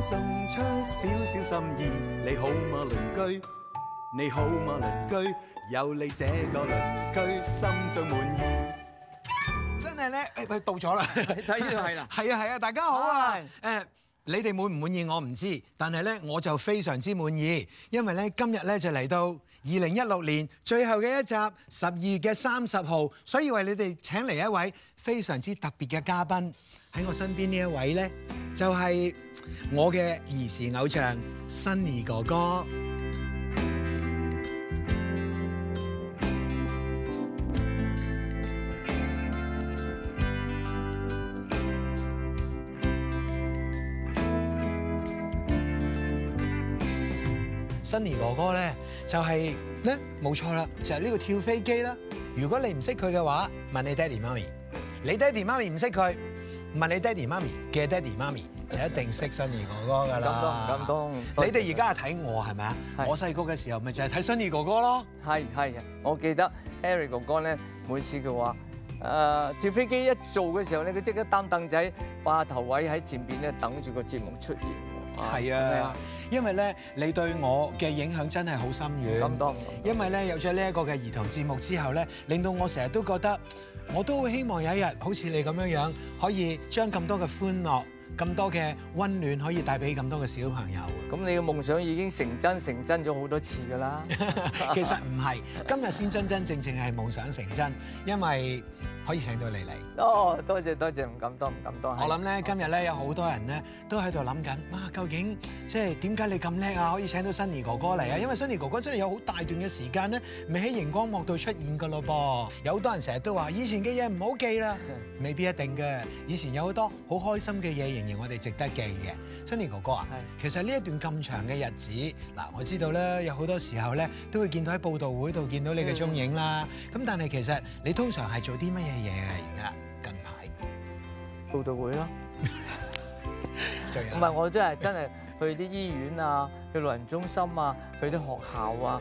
送出少少心意，你好嗎，鄰居？你好嗎，鄰居？有你這個鄰居，心最滿意。真係咧，誒，到咗啦，睇到係啦，係啊係啊，大家好啊。誒，你哋滿唔滿意我唔知，但係咧我就非常之滿意，因為咧今日咧就嚟到二零一六年最後嘅一集十二月嘅三十號，所以為你哋請嚟一位非常之特別嘅嘉賓喺我身邊呢一位咧就係。我嘅兒時偶像，Sunny 哥哥，Sunny 哥哥咧就係咧冇錯啦，就係呢個跳飛機啦。如果你唔識佢嘅話，問你爹哋媽咪，你爹哋媽咪唔識佢，問你爹哋媽咪嘅爹哋媽咪，就一定識新兒哥哥㗎啦！唔敢當，唔敢當，你哋而家係睇我係咪啊？我細個嘅時候，咪就係睇新兒哥哥咯。係係，我記得 Eric 哥哥咧，每次佢話誒跳飛機一做嘅時候咧，佢即刻擔凳仔霸頭位喺前邊咧，等住個節目出現。係啊，因為咧你對我嘅影響真係好深遠。唔敢當，唔敢當，因為咧有咗呢一個嘅兒童節目之後咧，令到我成日都覺得我都會希望有一日好似你咁樣樣可以將咁多嘅歡樂。咁多嘅溫暖可以帶俾咁多嘅小朋友，咁你嘅夢想已經成真成真咗好多次㗎啦。其實唔係，今日先真真正正係夢想成真，因為。可以請到你嚟哦！多謝多謝，唔敢，多，唔敢，多。我諗咧，今日咧有好多人咧都喺度諗緊，哇！究竟即係點解你咁叻啊？可以請到新儀哥哥嚟啊？因為新儀哥哥真係有好大段嘅時間咧，未喺熒光幕度出現㗎咯噃。有好多人成日都話，以前嘅嘢唔好記啦，未必一定嘅。以前有好多好開心嘅嘢，仍然我哋值得記嘅。新年哥哥啊，其實呢一段咁長嘅日子，嗱，我知道咧有好多時候咧都會見到喺報道會度見到你嘅蹤影啦。咁但係其實你通常係做啲乜嘢嘢嘅？而家近排報道會咯、啊，唔 係、啊、我都係真係去啲醫院啊，去老人中心啊，去啲學校啊，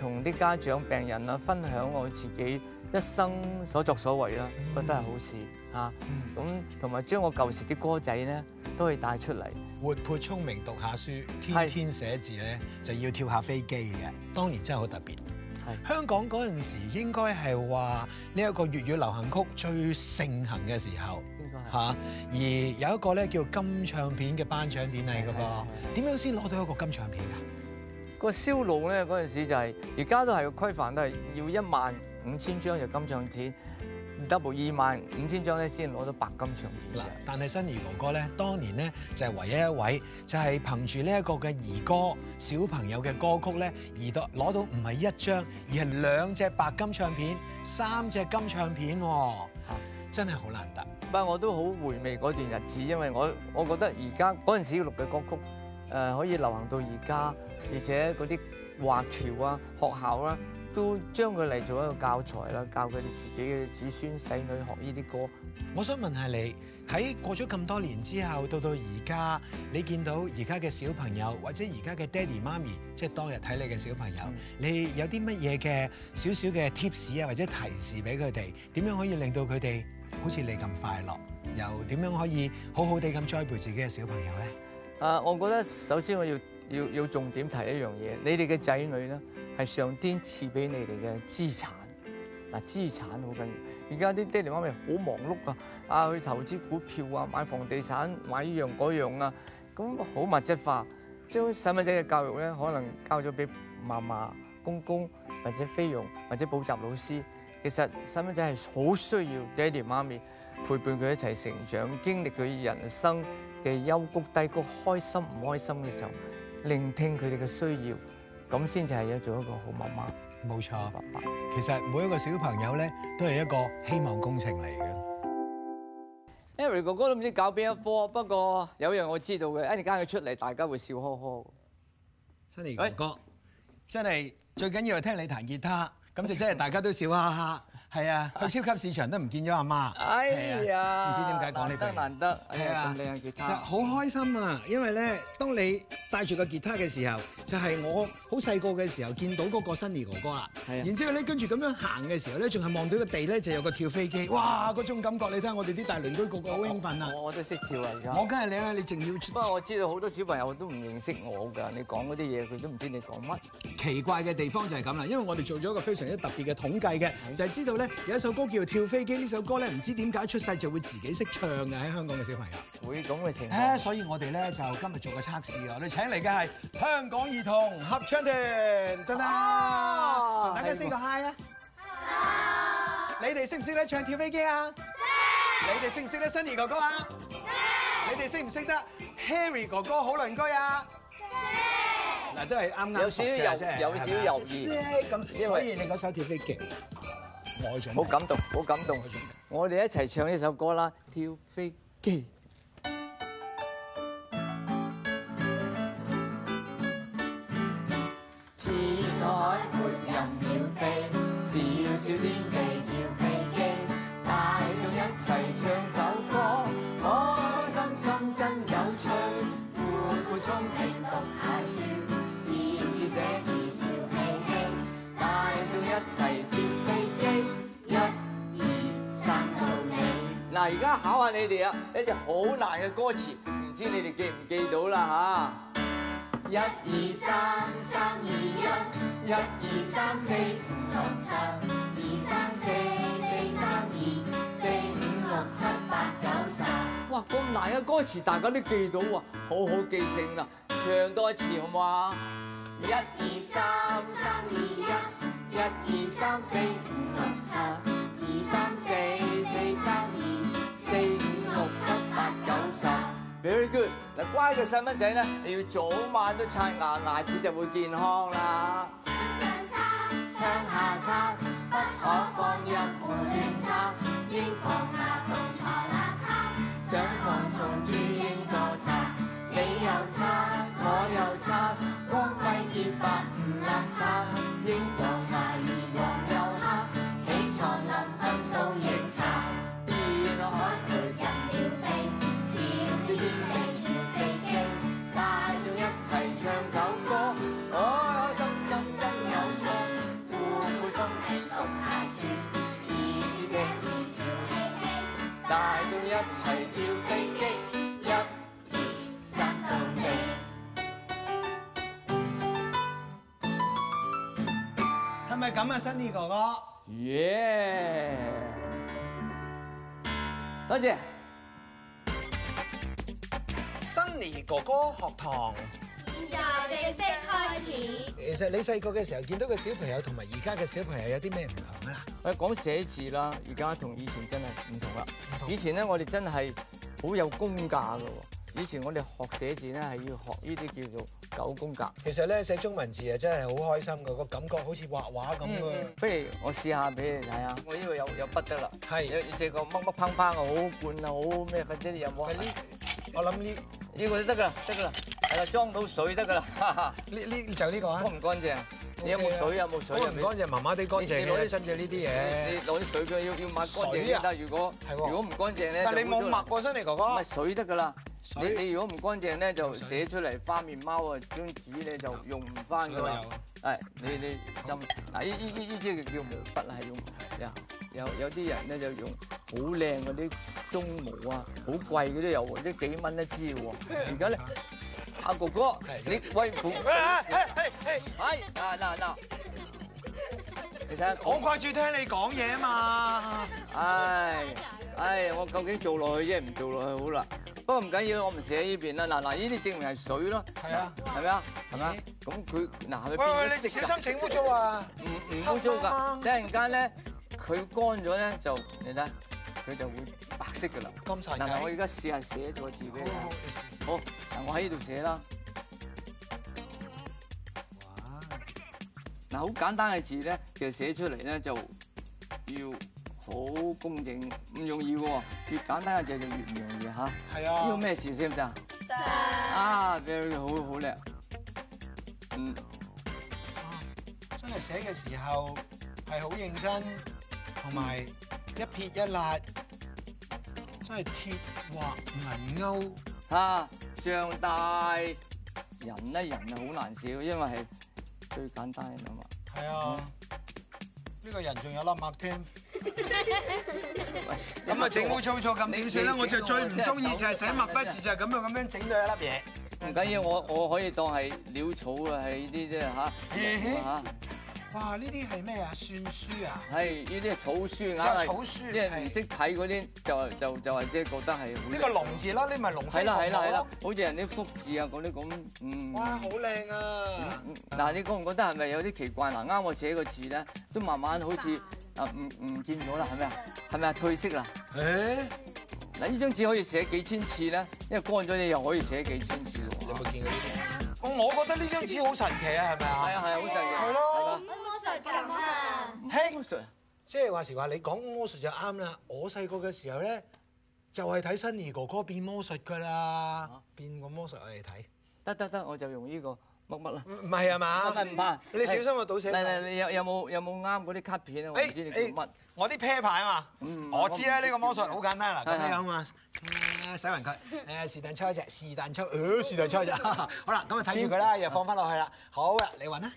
同啲家長、病人啊分享我自己一生所作所為啦、嗯，覺得係好事嚇、啊。咁同埋將我舊時啲歌仔咧都可以帶出嚟。活潑聰明讀下書，天天寫字咧就要跳下飛機嘅，當然真係好特別。係香港嗰陣時應該係話呢一個粵語流行曲最盛行嘅時候，嚇、啊。而有一個咧叫金唱片嘅頒獎典禮嘅噃，點樣先攞到一個金唱片㗎？個銷路咧嗰陣時就係、是，而家都係個規範都係要一萬五千張就金唱片。double 二萬五千張咧，先攞到白金唱片嘅。嗱，但係新兒哥哥咧，當年咧就係、是、唯一一位就是，就係憑住呢一個嘅兒歌小朋友嘅歌曲咧，而得攞到唔係一張，而係兩隻白金唱片，三隻金唱片喎、啊，真係好難得。不過，我都好回味嗰段日子，因為我我覺得而家嗰陣時要錄嘅歌曲，誒、呃、可以流行到而家，而且嗰啲華僑啊，學校啦、啊。都將佢嚟做一個教材啦，教佢哋自己嘅子孫仔女學呢啲歌。我想問下你喺過咗咁多年之後，到到而家，你見到而家嘅小朋友或者而家嘅爹哋媽咪，即係當日睇你嘅小朋友，看你，朋友嗯、你有啲乜嘢嘅少少嘅 tips 啊或者提示俾佢哋，點樣可以令到佢哋好似你咁快樂，又點樣可以好好哋咁栽培自己嘅小朋友咧？誒，我覺得首先我要要要重點提一樣嘢，你哋嘅仔女咧。係上天賜俾你哋嘅資產，嗱，資產好緊要。而家啲爹哋媽咪好忙碌啊，啊去投資股票啊，買房地產，買呢樣嗰樣啊，咁好物質化。將細蚊仔嘅教育咧，可能交咗俾嫲嫲、公公，或者菲傭，或者補習老師。其實細蚊仔係好需要爹哋媽咪陪伴佢一齊成長，經歷佢人生嘅幽谷低谷，開心唔開心嘅時候，聆聽佢哋嘅需要。咁先至係要做一個好媽媽，冇錯，爸爸。其實每一個小朋友咧，都係一個希望工程嚟嘅。Harry 哥哥都唔知搞邊一科，mm-hmm. 不過有樣我知道嘅，一陣間佢出嚟，大家會笑呵呵。Sunny 哥哥、hey. 真係最緊要係聽你彈吉他。咁就真係大家都笑哈哈，係啊，啊！去超級市場都唔見咗阿媽，媽，哎呀，唔、啊、知點解講呢句，難得係、哎、啊！咁靚嘅吉他，好、啊、開心啊！因為咧，當你帶住個吉他嘅時候，就係、是、我好細個嘅時候見到嗰個 Sunny 哥哥啦。係啊！然之後咧，跟住咁樣行嘅時候咧，仲係望到個地咧就有個跳飛機，哇！嗰種感覺你睇下，我哋啲大鄰居個個好興奮啊！我，我，我都識跳啊！而家我梗係你啊，你仲要出不過我知道好多小朋友都唔認識我㗎，你講嗰啲嘢佢都唔知你講乜。奇怪嘅地方就係咁啦，因為我哋做咗一個非常。有啲特別嘅統計嘅，就係、是、知道咧，有一首歌叫做《跳飛機》呢首歌咧，唔知點解出世就會自己識唱嘅喺香港嘅小朋友。會咁嘅情況。誒、啊，所以我哋咧就今日做個測試啊！我哋請嚟嘅係香港兒童合唱團，真係。哦、啊。啊啊、大家四個嗨啊！Hello. 你哋識唔識得唱《跳飛機》啊？Hey. 你哋識唔識得 Sunny 哥哥啊？Hey. 你哋識唔識得 Harry 哥哥好鄰居啊？都係啱啱有少有，有少猶豫，所以你嗰首跳飛機，愛情好感動，好感動，我哋一齊唱呢首歌啦，跳飛機。係，而家考下你哋啊，一隻好難嘅歌詞，唔知你哋記唔記到啦，啊？吓，一二三三二一，一二三四五六七，二三四四三二，四五六七八九十。哇，咁難嘅歌詞，大家都記到啊！好好記性啊，唱多一次好唔好啊？一二三三二一，一二三四五六七。very good，嗱，乖嘅細蚊仔咧，你要早晚都刷牙，牙齒就會健康啦。上擦下擦不可放咁啊新 u 哥哥耶，多謝新 u 哥哥學堂，現在正式開始。其實你細個嘅時候見到嘅小朋友，同埋而家嘅小朋友有啲咩唔同噶？我誒，講寫字啦，而家同以前真係唔同啦。以前咧，我哋真係好有功架噶。以前我哋學寫字咧，係要學呢啲叫做九宮格。其實咧寫中文字啊，真係好開心㗎，個感覺好似畫畫咁啊。不如我試下俾你睇下。我呢個有有筆得啦，係有隻個乜乜乓乓啊，好管啊，好咩？反正有冇？係呢，我諗呢呢個都得㗎，得㗎啦，係啦，裝到水得㗎啦。呢呢就呢個啊，乾唔乾淨？你有冇水？有冇水？唔乾淨麻麻地乾淨。你攞啲新嘅呢啲嘢，你攞啲水嘅要要抹乾淨先得。如果如果唔乾淨咧，但係你冇抹過身嚟，哥哥唔係水得㗎啦。你你如果唔乾淨咧，就寫出嚟花面貓、哎、啊！張紙咧就用唔翻噶啦。係你你浸呢依依依支叫毛筆啊，係用呀有有啲人咧就用好靚嗰啲鬃毛啊，好貴嗰啲有，啲幾蚊一支喎。而家咧，阿哥哥你喂，哎哎哎哎，係嗱嗱，你睇下，好掛住聽你講嘢啊嘛，唉、哎，唉、哎，我究竟做落去啫，唔做落去好啦。不過唔緊要，我唔寫呢邊啦。嗱嗱，呢啲證明係水咯，係啊，係咪啊，係咪咁佢嗱，佢、欸、變咗色啦。喂，喂你小心整污糟啊！唔唔污糟噶，一陣間咧，佢、嗯嗯嗯、乾咗咧就，你睇，佢就會白色㗎啦。咁神奇嗱，我而家試下寫個字俾你。好，嗱，我喺呢度寫啦。哇！嗱，好簡單嘅字咧，其實寫出嚟咧就要好工整，唔容易㗎。越簡單嘅字就越唔容易嚇，呢個咩字先唔先？啊，very 好好叻！嗯，真係寫嘅時候係好認真，同埋一撇一捺真係鐵畫銀勾嚇。上大人呢，人就好難寫，因為係最簡單嘅兩物。係啊。呢、這個人仲有粒墨添，咁啊整污糟糟咁點算咧？我最不就最唔中意就係寫墨筆字，就咁就咁樣整咗一粒嘢。唔、嗯、緊要，我我可以當係潦草啊，係呢啲啫吓吓。啊哇！呢啲係咩啊？算書啊？係呢啲係草書，草書啊！即係唔識睇嗰啲就係就就係即係覺得係呢、呢個龍字啦，呢咪龍？係啦係啦係啦，好似人啲福字啊嗰啲咁嗯。哇！好靚啊！嗱、嗯，你覺唔覺得係咪有啲奇怪嗱？啱、嗯、我寫個字咧，都慢慢好似啊唔唔見咗啦，係、嗯、咪啊？係咪啊？褪、嗯、色啦？誒、欸！嗱，呢張紙可以寫幾千次咧，因為乾咗你又可以寫幾千次。有冇見過呢啲、嗯？我覺得呢張紙好神奇啊，係咪啊？係啊係啊，好神奇。係咯。魔術咁啊 hey,！嘿，即係話時話你講魔術就啱啦。我細個嘅時候咧，就係睇新兒哥哥變魔術噶啦。變個魔術我哋睇。得得得，我就用呢、這個乜乜啦。唔係啊嘛？唔係唔係，你小心我、hey, 倒寫。你有有冇有冇啱嗰啲卡片啊、hey,？我唔知你講乜。我啲啤牌啊嘛。我知啦，呢、這個魔術好簡單啦。咁、嗯、樣啊嘛、嗯。洗匀佢。誒， 是但抽一隻，是但抽，誒， 是但抽一隻。好啦，咁啊睇住佢啦，又放翻落去啦、嗯。好啊，你搵啦。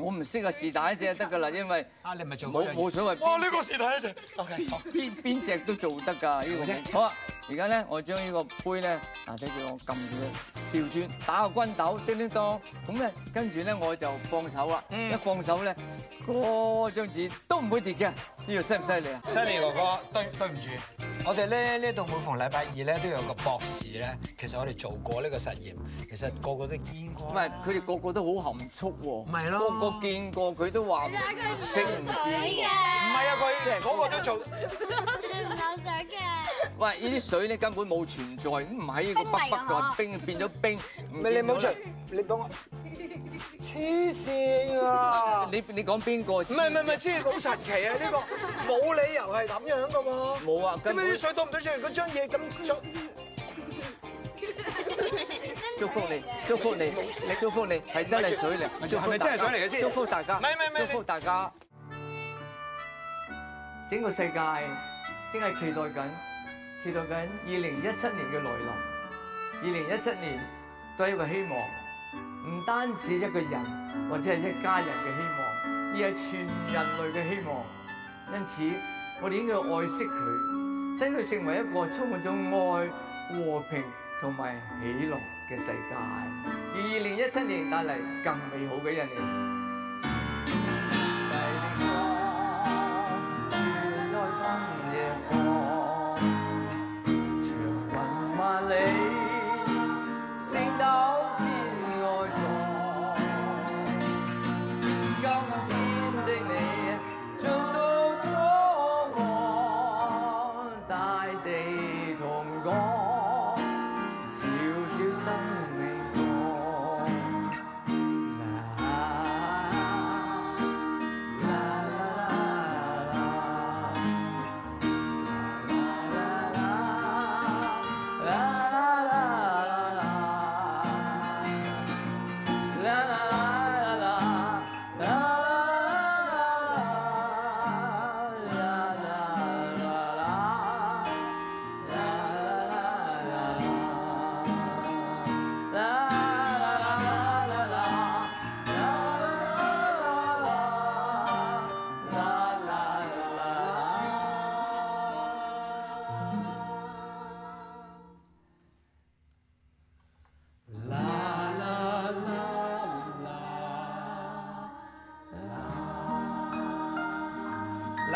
我唔識啊，是但一隻就得噶啦，因為冇冇所謂。哇！呢個是但一隻，OK，邊邊隻都做得㗎呢個。好啊，而家咧，我將呢個杯咧啊，跟住我撳住佢，調轉打個筋斗，叮叮當，咁咧跟住咧我就放手啦、嗯。一放手咧，個張紙都唔會跌嘅。呢個犀唔犀利啊？犀利哥哥，對對唔住。我哋咧呢度每逢禮拜二咧都有個博士咧，其實我哋做過呢個實驗，其實個個都見過。唔係，佢哋個個都好含蓄喎。唔係咯，哦、個個見過佢都話唔識、唔知。嗰個都做，你唔夠水嘅。喂，呢啲水咧根本冇存在，唔喺呢個北北個冰變咗冰。唔係你冇錯，你幫我。黐線啊！你你講邊個？唔係唔係唔係，真係好神奇啊！呢個冇理由係咁樣噶喎。冇啊，咁啲水多唔多出嚟？嗰張嘢咁。祝福你，祝福你，你祝福你係真係水嚟，係咪真係水嚟嘅先？祝福大家，唔係唔係唔係，祝福大家。整個世界正係期待緊，期待緊二零一七年嘅來臨。二零一七年都係一個希望，唔單止一個人或者係一家人嘅希望，而係全人類嘅希望。因此，我哋應該愛惜佢，使佢成為一個充滿咗愛、和平同埋喜樂嘅世界。而二零一七年帶嚟更美好嘅一年。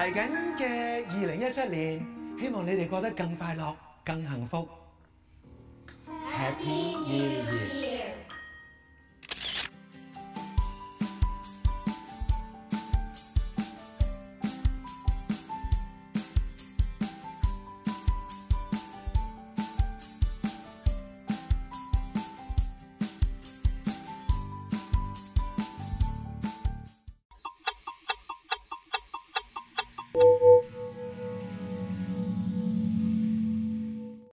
嚟緊嘅二零一七年，希望你哋過得更快樂、更幸福。Happy!